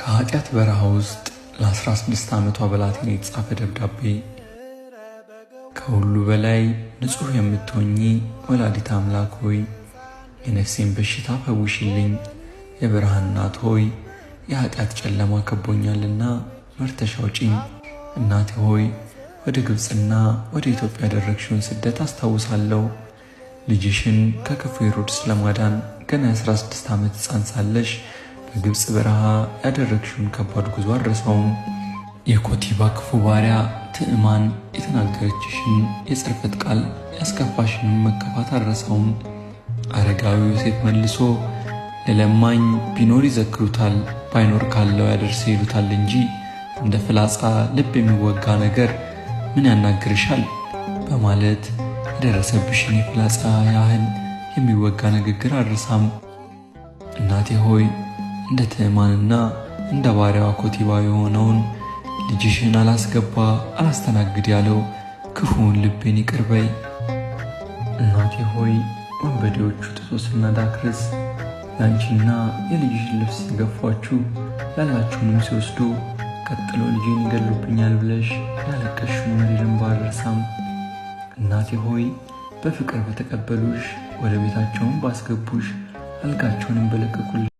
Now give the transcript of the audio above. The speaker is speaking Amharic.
ከኃጢአት በረሃ ውስጥ ለ16 ዓመቷ ብላቴና የተጻፈ ደብዳቤ። ከሁሉ በላይ ንጹሕ የምትሆኚ ወላዲት አምላክ ሆይ የነፍሴን በሽታ ፈውሽልኝ። የብርሃን እናት ሆይ የኃጢአት ጨለማ ከቦኛልና መርተሻ አውጪኝ። እናቴ ሆይ ወደ ግብፅና ወደ ኢትዮጵያ ያደረግሽውን ስደት አስታውሳለሁ። ልጅሽን ከክፉ ሄሮድስ ለማዳን ገና 16 ዓመት ሕፃን ሳለሽ በግብፅ በረሃ ያደረግሽውን ከባድ ጉዞ አድረሰውም። የኮቲባ ክፉ ባሪያ ትዕማን የተናገረችሽን የጽርፈት ቃል ያስከፋሽንም መከፋት አድረሰውም። አረጋዊ ዮሴፍ መልሶ ለለማኝ ቢኖር ይዘክሩታል፣ ባይኖር ካለው ያደርስ ይሉታል እንጂ እንደ ፍላጻ ልብ የሚወጋ ነገር ምን ያናግርሻል? በማለት የደረሰብሽን የፍላጻ ያህል የሚወጋ ንግግር አድርሳም። እናቴ ሆይ እንደ ትዕማንና እንደ ባሪያዋ ኮቲባ የሆነውን ልጅሽን አላስገባ አላስተናግድ ያለው ክፉውን ልቤን ይቅርበይ እናቴ ሆይ ወንበዴዎቹ ጥጦስና ዳክርስ ያንቺና የልጅሽን ልብስ ሲገፏችሁ ያላችሁንም ሲወስዱ ቀጥሎ ልጅን ይገሉብኛል ብለሽ ያለቀሽ መሪ እናቴ ሆይ በፍቅር በተቀበሉሽ ወደ ቤታቸውን ባስገቡሽ አልጋቸውንም በለቀቁልሽ